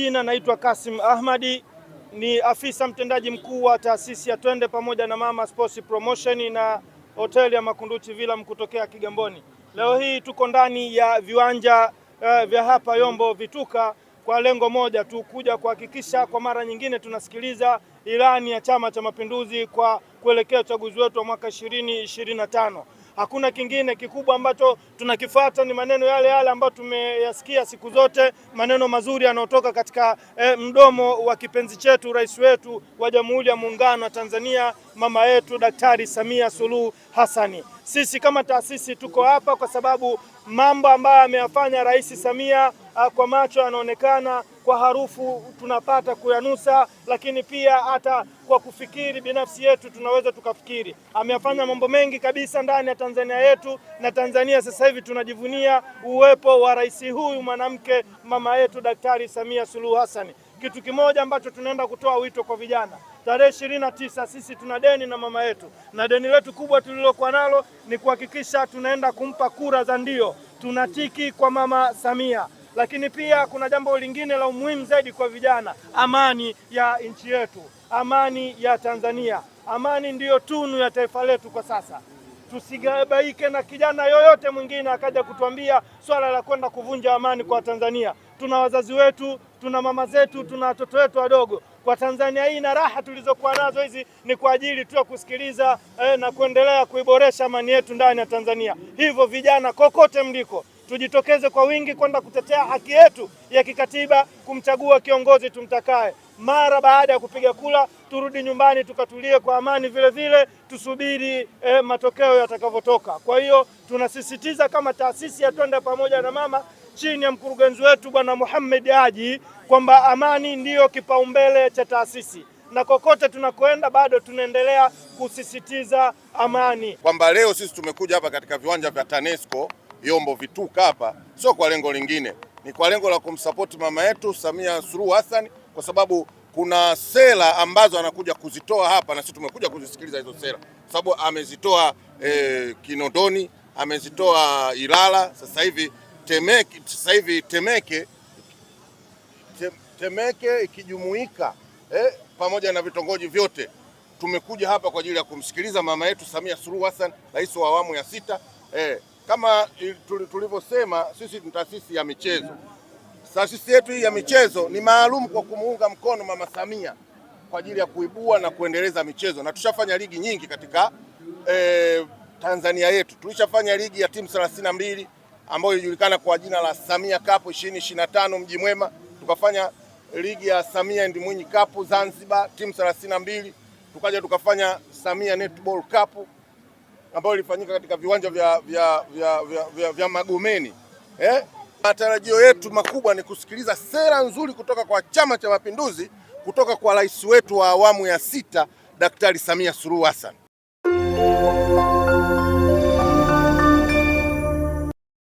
Jina naitwa Kasim Ahmadi, ni afisa mtendaji mkuu wa taasisi ya Twende pamoja na Mama Sports Promotion na hoteli ya Makunduchi Villa mkutokea Kigamboni. Leo hii tuko ndani ya viwanja eh, vya hapa Yombo Vituka kwa lengo moja tu, kuja kuhakikisha kwa mara nyingine tunasikiliza ilani ya Chama cha Mapinduzi kwa kuelekea uchaguzi wetu wa mwaka 2025. Hakuna kingine kikubwa ambacho tunakifata, ni maneno yale yale ambayo tumeyasikia siku zote, maneno mazuri yanayotoka katika e, mdomo wa kipenzi chetu, rais wetu wa Jamhuri ya Muungano wa Tanzania, mama yetu Daktari Samia Suluhu Hassani. Sisi kama taasisi tuko hapa kwa sababu mambo ambayo ameyafanya Rais Samia Ah, kwa macho yanaonekana, kwa harufu tunapata kuyanusa, lakini pia hata kwa kufikiri binafsi yetu tunaweza tukafikiri. Ameyafanya mambo mengi kabisa ndani ya Tanzania yetu, na Tanzania sasa hivi tunajivunia uwepo wa rais huyu mwanamke, mama yetu Daktari Samia Suluhu Hassan. Kitu kimoja ambacho tunaenda kutoa wito kwa vijana Tarehe ishirini na tisa sisi tuna deni na mama yetu, na deni letu kubwa tulilokuwa nalo ni kuhakikisha tunaenda kumpa kura za ndio, tunatiki kwa mama Samia. Lakini pia kuna jambo lingine la umuhimu zaidi kwa vijana, amani ya nchi yetu, amani ya Tanzania. Amani ndiyo tunu ya taifa letu kwa sasa. Tusigabaike na kijana yoyote mwingine akaja kutuambia swala la kwenda kuvunja amani kwa Tanzania. Tuna wazazi wetu, tuna mama zetu, tuna watoto wetu wadogo kwa Tanzania hii na raha tulizokuwa nazo hizi ni kwa ajili tu ya kusikiliza eh, na kuendelea kuiboresha amani yetu ndani ya Tanzania. Hivyo vijana, kokote mliko tujitokeze kwa wingi kwenda kutetea haki yetu ya kikatiba kumchagua kiongozi tumtakaye. Mara baada ya kupiga kura, turudi nyumbani tukatulie kwa amani, vile vile tusubiri eh, matokeo yatakavyotoka. Kwa hiyo tunasisitiza kama taasisi ya Twende Pamoja na Mama chini ya mkurugenzi wetu Bwana Mohamed Haji kwamba amani ndiyo kipaumbele cha taasisi, na kokote tunakoenda bado tunaendelea kusisitiza amani, kwamba leo sisi tumekuja hapa katika viwanja vya TANESCO vyombo vituka hapa, sio kwa lengo lingine, ni kwa lengo la kumsapoti mama yetu Samia Suluhu Hassan, kwa sababu kuna sera ambazo anakuja kuzitoa hapa na sisi tumekuja kuzisikiliza hizo sera, kwa sababu amezitoa e, Kinondoni, amezitoa Ilala, sasa hivi Temeke, sasa hivi Temeke Temeke ikijumuika eh, pamoja na vitongoji vyote tumekuja hapa kwa ajili ya kumsikiliza mama yetu Samia Suluhu Hassan, rais wa awamu ya sita eh, kama tulivyosema, sisi ni taasisi ya michezo. Taasisi yetu hii ya michezo ni maalum kwa kumuunga mkono Mama Samia kwa ajili ya kuibua na kuendeleza michezo, na tushafanya ligi nyingi katika eh, Tanzania yetu. Tulishafanya ligi ya timu 32 ambayo ilijulikana kwa jina la Samia Cup 2025 mji mwema, tukafanya ligi ya Samia and Mwinyi Cup Zanzibar timu 32, tukaja tukafanya Samia Netball Cup ambayo ilifanyika katika viwanja vya, vya, vya, vya, vya, vya Magomeni eh? Matarajio yetu makubwa ni kusikiliza sera nzuri kutoka kwa Chama cha Mapinduzi, kutoka kwa rais wetu wa awamu ya sita Daktari Samia Suluhu Hassan.